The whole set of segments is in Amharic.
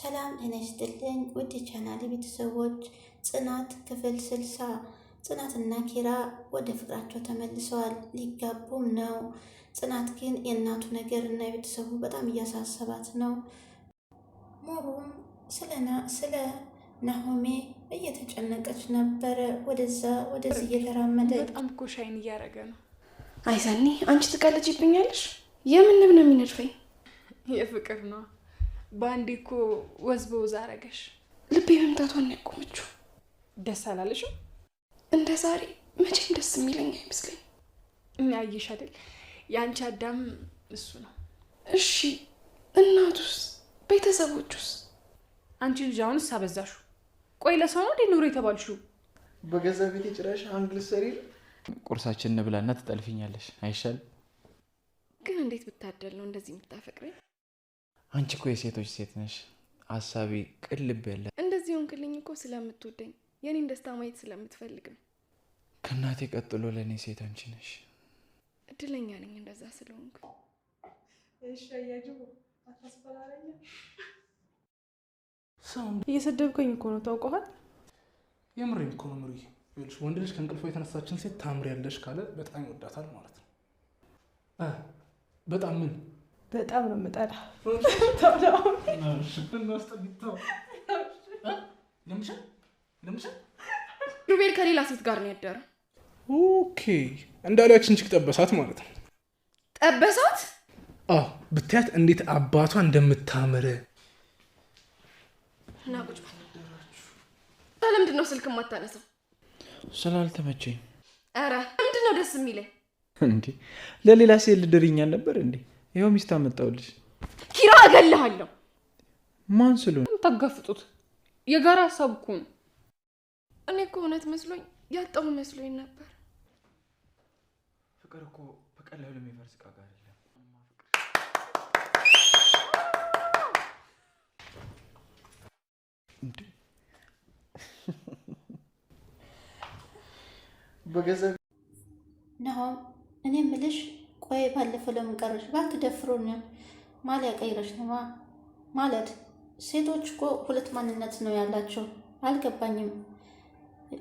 ሰላም ጤና ይስጥልኝ ውድ ቻናል ቤተሰቦች፣ ጽናት ክፍል ስልሳ ጽናትና ኪራ ወደ ፍቅራቸው ተመልሰዋል። ሊጋቡም ነው። ጽናት ግን የእናቱ ነገር እና የቤተሰቡ በጣም እያሳሰባት ነው። ሞሩም ስለ ናሆሜ እየተጨነቀች ነበረ። ወደዛ ወደዚህ እየተራመደ በጣም እኮ ሻይን እያደረገ ነው። አይሳኒ አንቺ ትቀልጅብኛለሽ። የምንብ ነው የሚነድፈኝ የፍቅር ነው በአንዴ እኮ ወዝ በወዝ አረገሽ። ልቤ መምታቷን ነው ያቆመችው። ደስ አላለሽም? እንደ ዛሬ መቼም ደስ የሚለኝ አይመስለኝ። አየሽ አይደል የአንቺ አዳም እሱ ነው። እሺ እናቱስ? ቤተሰቦቹስ? አንቺ ልጅ አሁንስ አበዛሹ። ቆይ ለሰው ነው እንዴ ኑሮ የተባልሽው? በገዛ ቤት ጭራሽ አንግል ሰሪል። ቁርሳችን እንብላና ትጠልፊኛለሽ አይሻል? ግን እንዴት ብታደል ነው እንደዚህ የምታፈቅረኝ? አንቺ እኮ የሴቶች ሴት ነሽ። አሳቢ ቅልብ ያለ እንደዚህ ሆንክልኝ እኮ ስለምትወደኝ የኔን ደስታ ማየት ስለምትፈልግ ነው። ከእናቴ ቀጥሎ ለእኔ ሴት አንቺ ነሽ። እድለኛ ነኝ እንደዛ ስለሆንኩ። እየሰደብከኝ እኮ ነው ታውቀዋል። የምሬን እኮ ነው ምሩ። ወንድ ልጅ ከእንቅልፎ የተነሳችን ሴት ታምሪያለሽ ካለ በጣም ይወዳታል ማለት ነው። በጣም ምን በጣም ነው የምጠላ። ሩቤል ከሌላ ሴት ጋር ነው ያደረ። ኦኬ እንዳሊያችን ችግ ጠበሳት ማለት ነው። ጠበሳት? አዎ ብታያት እንዴት አባቷ እንደምታምር ናቁጭ። ለምንድን ነው ስልክ ማታነሳው? ስላልተመቸኝ። ኧረ ምንድን ነው ደስ የሚለኝ እንዴ? ለሌላ ሴት ልድርኛል ነበር እንዴ? ይኸው ሚስት አመጣሁልሽ። ኪራ እገልሃለሁ። ማን ስሉ ታጋፍጡት የጋራ ሀሳብ እኮ ነው። እኔ እኮ እውነት መስሎኝ ያጣሁ መስሎኝ ነበር። ፍቅር እኮ በቀላሉ የሚፈርስ ዕቃ ጋር የለም። ናሆም እኔ የምልሽ ተይ ባለፈው ለምን ቀረሽ? ባትደፍሩን ማሊያ ቀይረሽ ነዋ። ማለት ሴቶች እኮ ሁለት ማንነት ነው ያላቸው። አልገባኝም።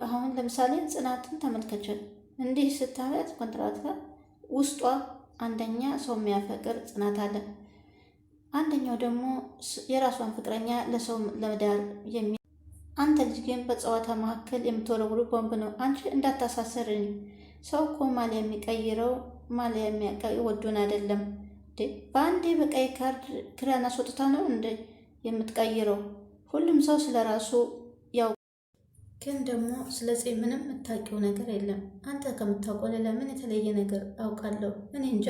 አሁን ለምሳሌ ጽናትን ተመልከችን። እንዲህ ስታያት ኮንትራት ውስጧ አንደኛ ሰው የሚያፈቅር ጽናት አለ፣ አንደኛው ደግሞ የራሷን ፍቅረኛ ለሰው ለመዳር የሚ አንተ ልጅ ግን በጨዋታ መካከል የምትወረውሩ ቦምብ ነው። አንቺ እንዳታሳሰርኝ። ሰው እኮ ማሊያ የሚቀይረው ማሊያ የሚያቀይ ወዶን አይደለም እንዴ? በአንዴ በቀይ ካርድ ኪራን አስወጥታ ነው እንዴ የምትቀይረው። ሁሉም ሰው ስለ ራሱ ያው፣ ግን ደግሞ ስለጽ ምንም የምታውቂው ነገር የለም። አንተ ከምታውቀው ሌላ ምን የተለየ ነገር አውቃለሁ? እኔ እንጃ።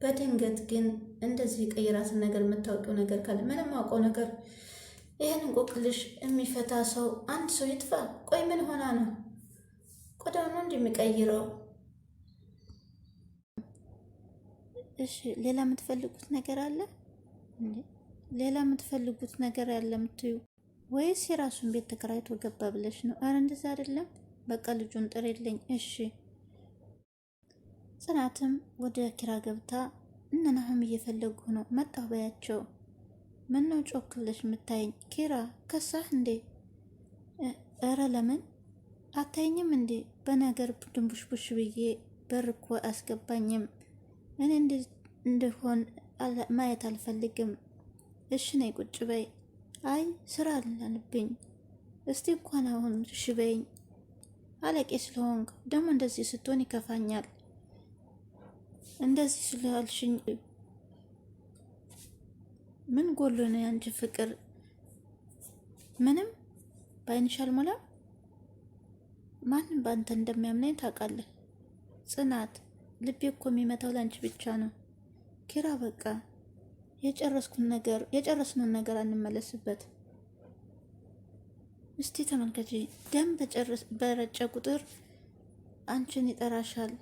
በድንገት ግን እንደዚህ የቀይራትን ነገር የምታውቂው ነገር ካለ ምንም አውቀው ነገር ይህን እንቆቅልሽ የሚፈታ ሰው አንድ ሰው ይጥፋ። ቆይ ምን ሆና ነው ቆዳውን እንደሚቀይረው እሺ ሌላ የምትፈልጉት ነገር አለ? ሌላ የምትፈልጉት ነገር ያለ የምትዩ ወይስ የራሱን ቤት ተከራይቶ ገባ ብለሽ ነው? አረ እንደዛ አይደለም። በቃ ልጁን ጥሪልኝ። እሺ። ጽናትም ወደ ኪራ ገብታ እነ ናሆም እየፈለጉ ነው፣ መጣሁ በያቸው። ምነው ጮክ ብለሽ የምታይኝ? ኪራ ከሳህ እንዴ? እረ ለምን አታይኝም እንዴ? በነገር ድንቡሽቡሽ ብዬ በር እኮ አስገባኝም እኔ እንደሆን ማየት አልፈልግም። እሽ ነይ ቁጭ በይ። አይ ስራ አላለብኝ። እስቲ እንኳን አሁን እሺ በይኝ። አለቄ ስለሆንክ ደግሞ እንደዚህ ስትሆን ይከፋኛል። እንደዚህ ስላልሽኝ ምን ጎሎ ነው ያንቺ ፍቅር? ምንም ባይንሽ አልሞላም። ማንም በአንተ እንደሚያምነኝ ታውቃለህ ጽናት ልቤ እኮ የሚመታው ላንቺ ብቻ ነው ኪራ። በቃ የጨረስኩን ነገር የጨረስነውን ነገር አንመለስበት። እስቲ ተመልከቺ፣ ደም በረጨ ቁጥር አንቺን ይጠራሻል።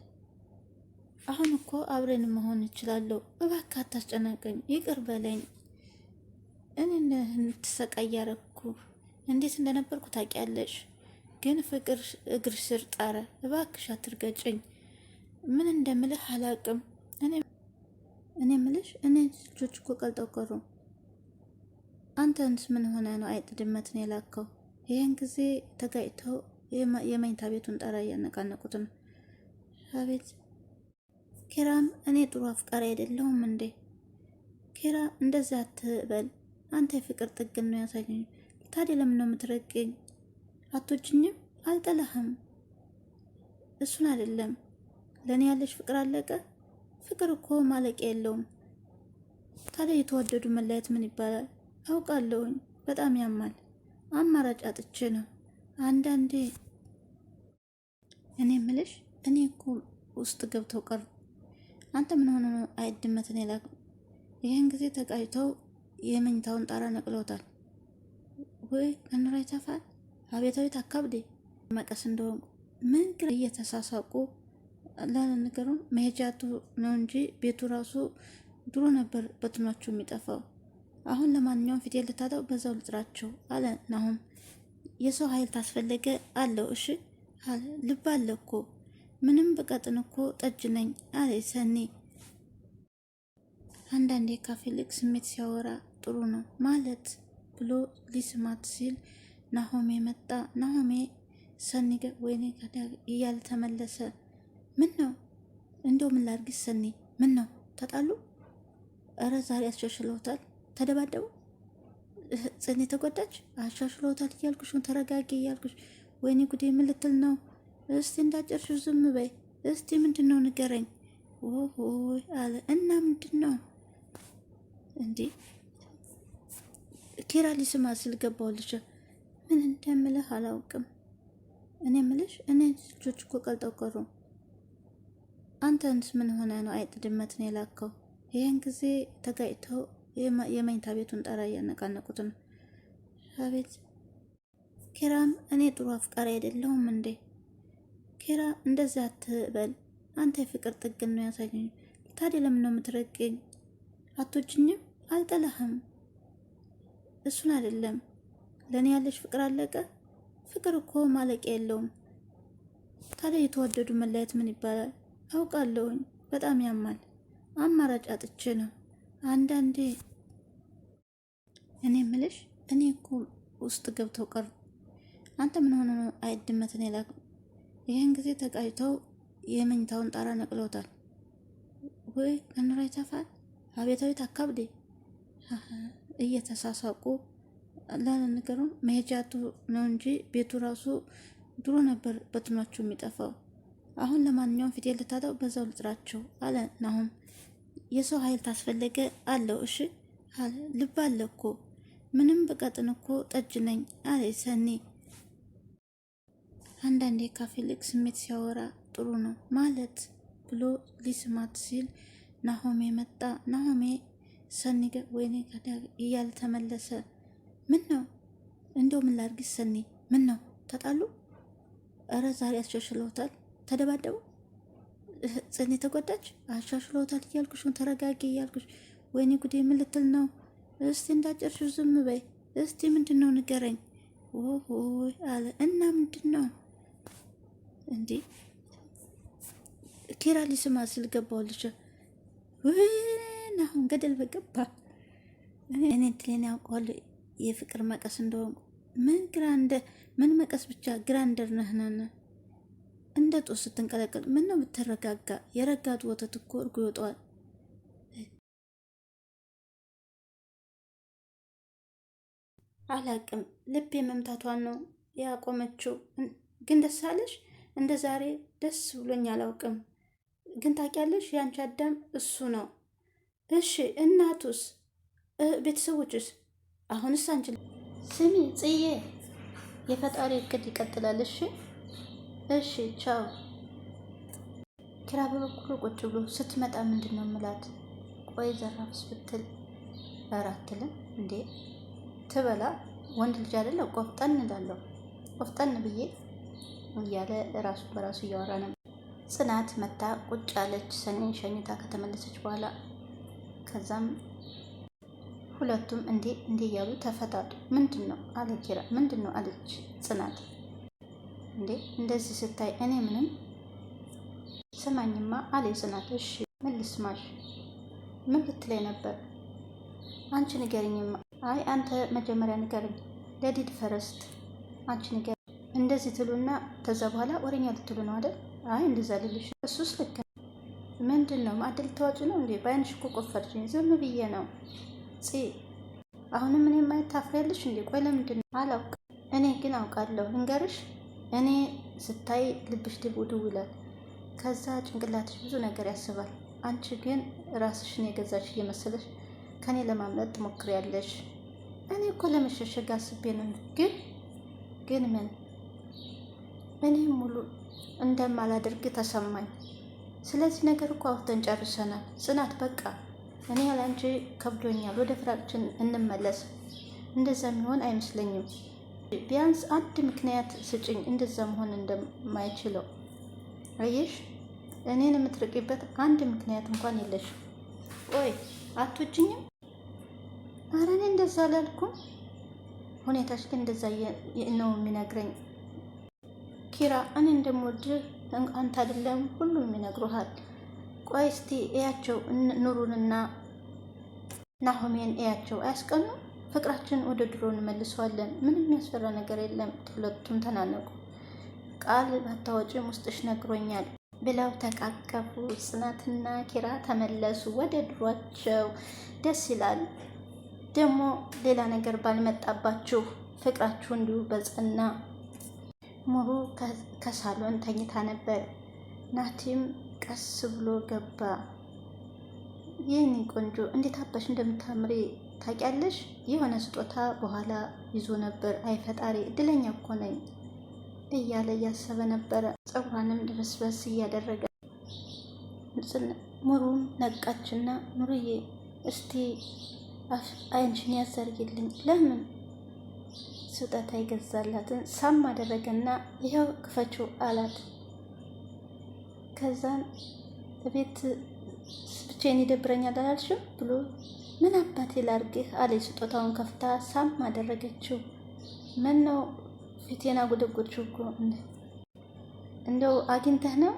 አሁን እኮ አብሬን መሆን ይችላለሁ። እባክህ አታስጨናቀኝ፣ ይቅር በለኝ። እኔን እንትሰቃይ ያረግኩ እንዴት እንደነበርኩ ታውቂያለሽ። ግን ፍቅር እግር ስር ጣረ። እባክሽ አትርገጭኝ። ምን እንደምልህ አላውቅም። እኔ ምልሽ እኔ ልጆች እኮ ቀልጠው ቀሩ። አንተንስ ምን ሆነ ነው አይጥ ድመትን የላከው? ይህን ጊዜ ተጋጭተው የመኝታ ቤቱን ጠራ እያነቃነቁት ነው። አቤት ኪራም፣ እኔ ጥሩ አፍቃሪ አይደለሁም እንዴ? ኪራ እንደዚህ አትበል። አንተ የፍቅር ጥግን ነው ያሳየኝ። ታዲያ ለምን ነው የምትረቅኝ? አቶችኝም አልጠላህም። እሱን አይደለም ለእኔ ያለሽ ፍቅር አለቀ? ፍቅር እኮ ማለቂያ የለውም። ታዲያ የተወደዱ መለያየት ምን ይባላል? አውቃለሁኝ፣ በጣም ያማል። አማራጭ አጥቼ ነው። አንዳንዴ እኔ ምልሽ እኔ እኮ ውስጥ ገብተው ቀር አንተ ምን ሆኖ ነው አይድመትን የላክ ይህን ጊዜ ተቃይተው የመኝታውን ጣራ ነቅለውታል። ወይ ከኑራ ይተፋል አቤታዊት አካብዴ መቀስ እንደሆንኩ ምን እየተሳሳቁ ላለ ነገሩ መሄጃቱ ነው እንጂ ቤቱ ራሱ ድሮ ነበር በትኗቸው የሚጠፋው። አሁን ለማንኛውም ፊት ልታጠው በዛው ልጥራቸው አለ ናሁም። የሰው ኃይል ታስፈለገ አለው። እሺ አለ ልብ አለ እኮ ምንም ብቀጥን እኮ ጠጅ ነኝ አለ ሰኒ። አንዳንዴ ከፊልቅ ስሜት ሲያወራ ጥሩ ነው ማለት ብሎ ሊስማት ሲል ናሆሜ መጣ። ናሆሜ ሰኒ ወይኔ እያለ ተመለሰ። ምን ነው እንደው ምን ላድርግሽ ሰኒ? ምን ነው ተጣሉ? እረ ዛሬ አሻሽለውታል። ተደባደቡ? ጽኔ ተጎዳች? አሻሽለውታል እያልኩሽ ተረጋጊ እያልኩሽ። ወይኔ ጉዴ ምን ልትል ነው? እስቲ እንዳጨርሽው ዝም በይ እስቲ። ምንድን ነው ንገረኝ። ኦሆይ አለ እና ምንድን ነው እንዴ? ኪራ ሊስማ ሲል ምን እንደምልህ አላውቅም። እኔ ምልሽ እኔ ልጆች እኮ ቀልጠው አንተንስ ምን ሆነ ነው አይጥ ድመት ነው የላከው? ይህን ጊዜ ተጋጭተው የመኝታ ቤቱን ጣራ እያነቃነቁት ነው። አቤት ኪራም፣ እኔ ጥሩ አፍቃሪ አይደለሁም እንዴ? ኪራ እንደዚያ አትበል። አንተ የፍቅር ጥግን ነው ያሳየኝ። ታዲያ ለምን ነው የምትረቅኝ? አቶችኝም አልጠላህም። እሱን አይደለም ለእኔ ያለሽ ፍቅር አለቀ። ፍቅር እኮ ማለቂያ የለውም። ታዲያ የተወደዱ መለያየት ምን ይባላል? አውቃለሁኝ። በጣም ያማል። አማራጭ አጥቼ ነው። አንዳንዴ እኔ ምልሽ እኔ እኮ ውስጥ ገብተው ቀር አንተ ምን ሆነ ነው አይድመትን የላቅ ይህን ጊዜ ተቃይተው የመኝታውን ጣራ ነቅለውታል። ወይ ከኑራ ይተፋል አቤታዊት አካብዴ እየተሳሳቁ ላለንገሩ መሄጃቱ ነው እንጂ ቤቱ ራሱ ድሮ ነበር በትኗቸው የሚጠፋው። አሁን ለማንኛውም ፊት ልታጠው በዛው ልጥራቸው አለ ናሁም። የሰው ኃይል ታስፈለገ አለው። እሺ አለ ልብ አለ እኮ ምንም ብቀጥን እኮ ጠጅ ነኝ አለ ሰኒ። አንዳንዴ ካፌልቅ ስሜት ሲያወራ ጥሩ ነው ማለት ብሎ ሊስማት ሲል ናሆሜ መጣ። ናሆሜ ሰኒ ገ ወይኔ እያለ ተመለሰ። ምን ነው እንደው ምን ላድርግ ሰኒ? ምን ነው ተጣሉ? እረ ዛሬ ያስሻሽለውታል ተደባደቡ። ጽኔ ተጎዳች። አሻሽሎታል እያልኩሽ ተረጋጊ እያልኩሽ ወይኔ ጉዴ ምን ልትል ነው? እስቲ እንዳጨርሽው ዝም በይ እስቲ ምንድን ነው ንገረኝ። ኦሆይ አለ እና ምንድን ነው እንዴ? ኪራ ሊስማ ስል ገባሁልሽ። አሁን ገደል በገባ እኔ ድሌን ያውቀዋል የፍቅር መቀስ እንደሆንኩ ምን ግራንደ ምን መቀስ ብቻ ግራንደር ነህናና እንደ ጦስ ስትንቀለቀል ምን ነው ብትረጋጋ። የረጋት ወተት እኮ እርጎ ይወጣዋል። አላቅም ልቤ መምታቷን ነው ያቆመችው። ግን ደስ አለሽ? እንደ ዛሬ ደስ ብሎኝ አላውቅም። ግን ታውቂያለሽ፣ ያንቺ አዳም እሱ ነው። እሺ እናቱስ? ቤተሰቦችስ? አሁንስ አንችል። ስሚ ጽዬ፣ የፈጣሪ እቅድ ይቀጥላል። እሺ እሺ ቻው። ኪራ በበኩሉ ቁጭ ብሎ ስትመጣ ምንድን ነው የምላት? ቆይ ዘራፍስ ብትል አራትልም እንዴ ትበላ ወንድ ልጅ አይደለም ቆፍጠን እላለሁ ቆፍጠን ብዬ እያለ ራሱ በራሱ እያወራ ነበር። ጽናት መታ ቁጭ አለች። ሰኔን ሸኝታ ከተመለሰች በኋላ ከዛም ሁለቱም እንዴ እንዴ እያሉ ተፈታጡ። ምንድን ነው አለ ኪራ። ምንድን ነው አለች ጽናት። እንዴ እንደዚህ ስታይ እኔ ምንም ስማኝማ አለ ጽናት። እሺ ምን ልስማሽ? ምን ልትለይ ነበር? አንቺ ንገርኝማ። አይ አንተ መጀመሪያ ንገርኝ። ለዲድ ፈረስት አንቺ ንገር። እንደዚህ ትሉና ከዛ በኋላ ወሬኛ ልትሉ ነው አይደል? አይ እንደዛ ልልሽ። እሱስ ልክ ምንድን ነው ማዕድል ታዋጭ ነው እንዴ? በአይንሽ እኮ ቆፈርሽኝ። ዝም ብዬ ነው ጽ አሁንም እኔ ማየት ታፍሪያለሽ እንዴ? ቆይ ለምንድን ነው አላውቅም። እኔ ግን አውቃለሁ። ንገርሽ እኔ ስታይ ልብሽ ድው ድው ይላል። ከዛ ጭንቅላትሽ ብዙ ነገር ያስባል። አንቺ ግን ራስሽን የገዛሽ እየመሰለሽ ከኔ ለማምለጥ ትሞክሪያለሽ። እኔ እኮ ለመሸሸግ አስቤ ነው። ግን ግን ምን እኔ ሙሉ እንደማላደርግ ተሰማኝ። ስለዚህ ነገር እኮ አውርተን ጨርሰናል። ጽናት በቃ እኔ ያላንቺ ከብዶኛል። ወደ ፍራቅችን እንመለስ። እንደዛ የሚሆን አይመስለኝም። ቢያንስ አንድ ምክንያት ስጭኝ እንደዛ መሆን እንደማይችለው አየሽ፣ እኔን የምትርቂበት አንድ ምክንያት እንኳን የለሽም። ቆይ አትወጂኝም? ኧረ እኔ እንደዛ አላልኩም። ሁኔታሽ ግን እንደዛ ነው የሚነግረኝ። ኪራ እኔ እንደምወድህ አንተ አይደለም ሁሉም ይነግሩሃል። ቆይ እስቲ እያቸው ኑሩንና ናሆሜን እያቸው አያስቀኑም? ፍቅራችን ወደ ድሮ እንመልሰዋለን። ምንም የሚያስፈራ ነገር የለም። ሁለቱም ተናነቁ። ቃል ባታወጪም ውስጥሽ ነግሮኛል ብለው ተቃቀፉ። ጽናትና ኪራ ተመለሱ ወደ ድሯቸው። ደስ ይላል። ደግሞ ሌላ ነገር ባልመጣባችሁ ፍቅራችሁ እንዲሁ በጽና ሙሩ ከሳሎን ተኝታ ነበር። ናቲም ቀስ ብሎ ገባ። ይህን ቆንጆ እንዴት አባሽ እንደምታምሪ ታውቂያለሽ የሆነ ስጦታ በኋላ ይዞ ነበር። አይ ፈጣሪ እድለኛ እኮ ነኝ እያለ እያሰበ ነበረ። ፀጉሯንም ድበስበስ እያደረገ ሙሩም ነቃችና፣ ሙሩዬ እስቲ አይንሽን ያዘርግልኝ። ለምን ስጦታ ይገዛላትን ሳም አደረገና ይኸው ክፈችው አላት። ከዛን ቤት ብቻዬን ይደብረኛል አላልሽም ብሎ ምን አባቴ ላርግህ አለ ስጦታውን ከፍታ ሳም አደረገችው። ምን ነው ፊቴን ጉደጎችው እኮ እንደው አግኝተህ ነው?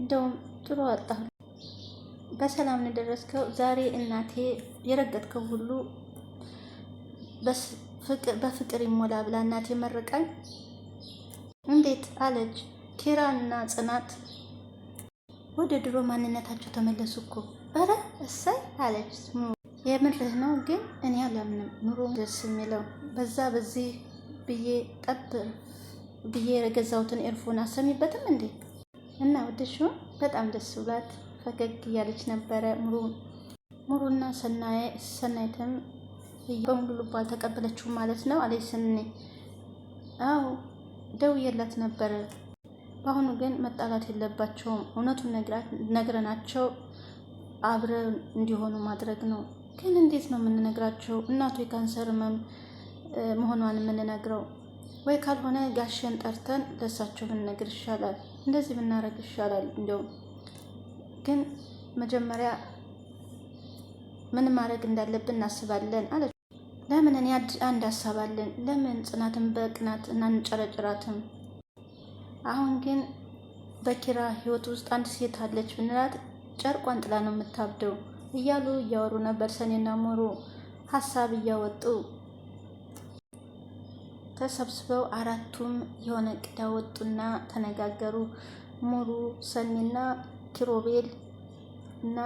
እንደውም ጥሩ አወጣሁ። በሰላም ነው የደረስከው? ዛሬ እናቴ የረገጥከው ሁሉ በፍቅር ይሞላ ብላ እናቴ መረቃኝ። እንዴት አለች። ኪራና ጽናት ወደ ድሮ ማንነታቸው ተመለሱ እኮ። ኧረ እሰይ አለች። የምርህ ነው ግን እኔ አላምንም። ኑሮ ደስ የሚለው በዛ በዚህ ብዬ ጠብ ብዬ የገዛሁትን ኤርፎን አሰሚበትም እንዴ እና ውድሹ በጣም ደስ ብላት ፈገግ እያለች ነበረ። ሙሩ ሙሩና ሰናይትም በሙሉ ልቧ ተቀበለችው ማለት ነው። አለች ስኔ አው ደውዬላት ነበረ። በአሁኑ ግን መጣላት የለባቸውም እውነቱን ነግረናቸው አብረን እንዲሆኑ ማድረግ ነው። ግን እንዴት ነው የምንነግራቸው? እናቱ የካንሰር ህመም መሆኗን የምንነግረው ወይ ካልሆነ ጋሸን ጠርተን ለእሳቸው ብንነግር ይሻላል፣ እንደዚህ ብናደርግ ይሻላል። እንዲያውም ግን መጀመሪያ ምን ማድረግ እንዳለብን እናስባለን አለች። ለምን እኔ አንድ ሀሳብ አለን። ለምን ጽናትን በቅናት እናንጨረጭራትም? አሁን ግን በኪራ ህይወት ውስጥ አንድ ሴት አለች ብንላት ጨርቋን ጥላ ነው የምታብደው። እያሉ እያወሩ ነበር። ሰኔና ሙሩ ሀሳብ እያወጡ ተሰብስበው አራቱም የሆነ ቅዳ ወጡና ተነጋገሩ። ሙሩ፣ ሰኔና ኪሮቤል እና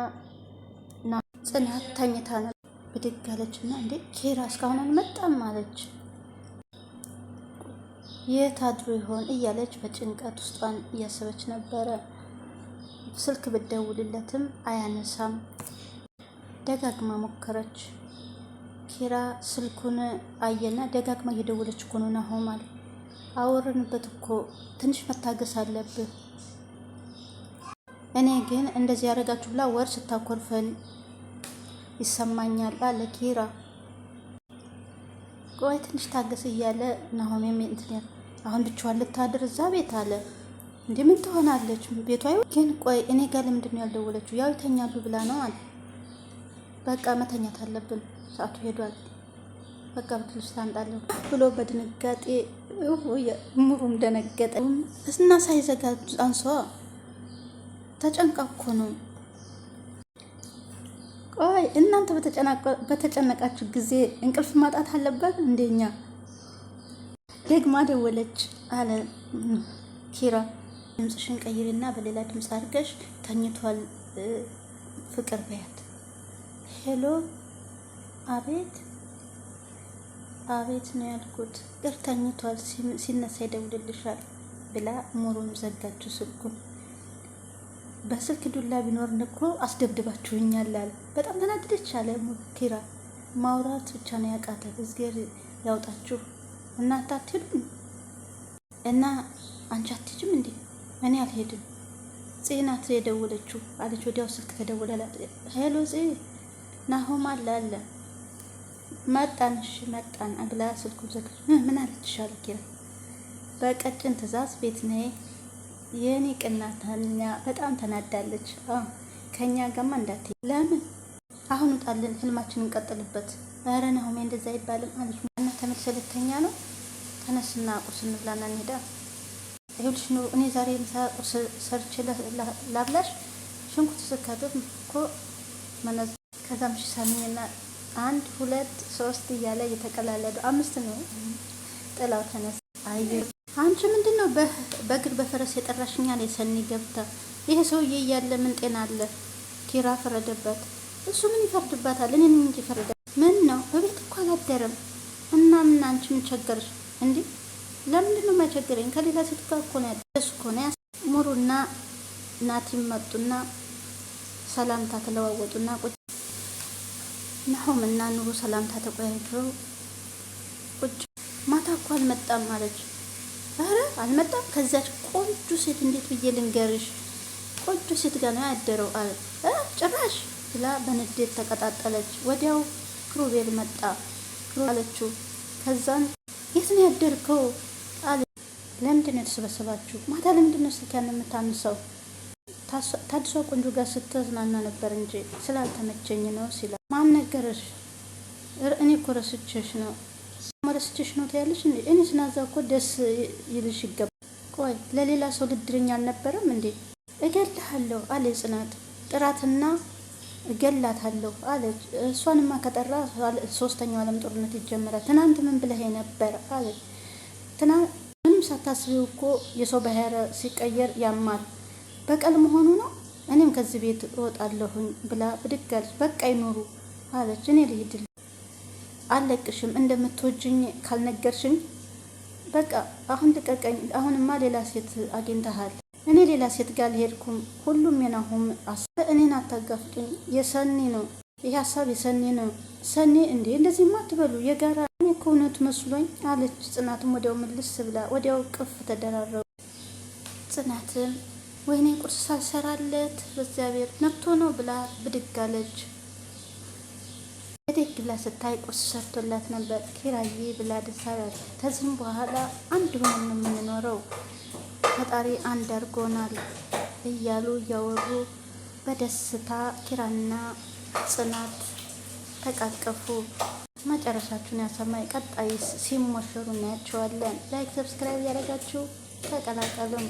ጽናት ተኝታ ነው ብድግ አለችና እንዴ ኬራ እስካሁን አልመጣም አለች። የት አድሮ ይሆን እያለች በጭንቀት ውስጧን እያሰበች ነበረ። ስልክ ብደውልለትም አያነሳም። ደጋግማ ሞከረች። ኪራ ስልኩን አየና ደጋግማ እየደወለች እኮ ነው ናሆም አለ። አወረንበት እኮ ትንሽ መታገስ አለብህ። እኔ ግን እንደዚህ ያደረጋችሁ ብላ ወር ስታኮርፈን ይሰማኛል አለ ኪራ። ቆይ ትንሽ ታገስ እያለ ናሆም እንትን አሁን ብቻዋን ልታድር እዛ ቤት አለ። እንዲህ ምን ትሆናለች ቤቷ? ግን ቆይ እኔ ጋር ለምንድን ነው ያልደወለችው? ያው ይተኛሉ ብላ ነው አለ በቃ መተኛት አለብን ሰዓቱ ሄዷል፣ በቃ ብትል ውስጥ ብሎ በድንጋጤ ምሩም ደነገጠ እና ሳይዘጋ አንሷ ተጨንቃ እኮ ነው። ቆይ እናንተ በተጨነቃችሁ ጊዜ እንቅልፍ ማጣት አለበት እንደኛ። ደግማ ደወለች አለ ኪራ። ድምፅሽን ቀይርና በሌላ ድምፅ አድርገሽ ተኝቷል ፍቅር በያት ሄሎ፣ አቤት አቤት ነው ያልኩት። ቅር ሲነሳ ይደውልልሻል ብላ ሙሩም ዘጋችሁ ስልኩን። በስልክ ዱላ ቢኖር እኮ አስደብድባችሁኛል አለ። በጣም ተናደደች አለ ኪራ። ማውራት ብቻ ነው ያቃታት። እዝጌር ያውጣችሁ። እናንተ አትሄዱም እና አንቺ አትሄጂም እንዴ? እኔ አልሄድም፣ ጽናት የደወለችው አለች። ወዲያው ስልክ ተደወለላት። ሄሎ ጽ ናሆም አለ አለ መጣን፣ እሺ መጣን ብላ ስልኩን ዘጋች። ምን አለች ሻልኪራ? በቀጭን ትዕዛዝ ቤት ነይ። የኔ ቅናተኛ በጣም ተናዳለች። ከኛ ጋማ እንዳት ለምን አሁን ውጣልን፣ ህልማችን እንቀጥልበት። ኧረ ናሆሜ እንደዛ አይባልም አለች። እና ተመልሰልተኛ ነው ተነስና ቁስ እንብላና እንሄዳ። ይኸውልሽ ኑ እኔ ዛሬ ምሳ ቁስ ሰርቼ ላብላሽ። ሽንኩርት ስከትፍ እኮ መነዝ ከዛም ሽሳሚና አንድ ሁለት ሶስት እያለ እየተቀላለዱ አምስት ነው። ጥላው ተነሳ። አየ አንቺ ምንድን ነው በእግር በፈረስ የጠራሽኛል? የሰኒ ገብታ ይሄ ሰውዬ እያለ ምን ጤና አለ? ኪራ ፈረደበት። እሱ ምን ይፈርድባታል? እኔ ምን እንጂ ምን ነው በቤት እኮ አላደረም እና ምን አንቺ ምን ቸገርሽ? እንዲ ለምንድን ነው የማይቸግረኝ? ከሌላ ሴት ጋር እኮ ነው ያደረሱ እኮ ነው። ሙሩና ናቲም መጡና ሰላምታ ተለዋወጡና ቁጭ ናሆም እና ኑሩ ሰላምታ ተቆያይተው ቁጭ ማታ እኮ አልመጣም አለች። ኧረ አልመጣም ከዚያች ቆንጆ ሴት እንዴት ብዬ ልንገርሽ፣ ቆንጆ ሴት ጋር ነው ያደረው አለ። ጭራሽ ብላ በንዴት ተቀጣጠለች። ወዲያው ክሩቤል መጣ አለችው። ከዛን የት ነው ያደርከው አለ። ለምንድን ነው የተሰበሰባችሁ ማታ? ለምንድን ነው ስልክ ያን የምታንሰው? ታድሷ ቆንጆ ጋር ስትዝናና ነበር እንጂ ስላልተመቸኝ ነው ሲላ ማን ነገረሽ? እኔ እኮ ረስቼሽ ነው ረስቼሽ ነው ታያለሽ። እኔ ስናዛ እኮ ደስ ይልሽ ይገባል። ቆይ ለሌላ ሰው ልድርኝ አልነበረም እንዴ? እገልሃለሁ አለ ጽናት። ጥራትና እገላታለሁ አለች። እሷንማ ከጠራ ሶስተኛው ዓለም ጦርነት ይጀምራል። ትናንት ምን ብለህ ነበር አለች። ምንም ሳታስቢው እኮ የሰው ባህረ ሲቀየር ያማል በቀል መሆኑ ነው። እኔም ከዚህ ቤት እወጣለሁኝ ብላ ብድግ አለች። በቃ ይኖሩ አለች። እኔ ልሂድል አለቅሽም እንደምትወጅኝ ካልነገርሽኝ በቃ አሁን ልቀቀኝ። አሁንማ ሌላ ሴት አግኝተሃል። እኔ ሌላ ሴት ጋር አልሄድኩም። ሁሉም የናሁም እኔን አታጋፍጡኝ። የሰኒ ነው ይህ ሀሳብ የሰኒ ነው። ሰኒ እንዴ እንደዚህማ አትበሉ የጋራ እኔ እኮ እውነት መስሎኝ አለች ጽናትም ወዲያው ምልስ ብላ ወዲያው ቅፍ ተደራረቡ ጽናትም ወይኔ ቁርስ ሳልሰራለት በእግዚአብሔር ነብቶ ነው ብላ ብድግ አለች። ብድግ ብላ ስታይ ቁርስ ሰርቶላት ነበር። ኪራዬ ብላ ደስ አላት። ከዚህም በኋላ አንድ ሆነን ነው የምንኖረው ፈጣሪ አንድ አድርጎናል እያሉ እያወሩ በደስታ ኪራና ጽናት ተቃቀፉ። መጨረሻችሁን ያሰማይ። ቀጣይ ሲሞሸሩ እናያቸዋለን። ላይክ ሰብስክራይብ ያደረጋችሁ ተቀላቀሉም።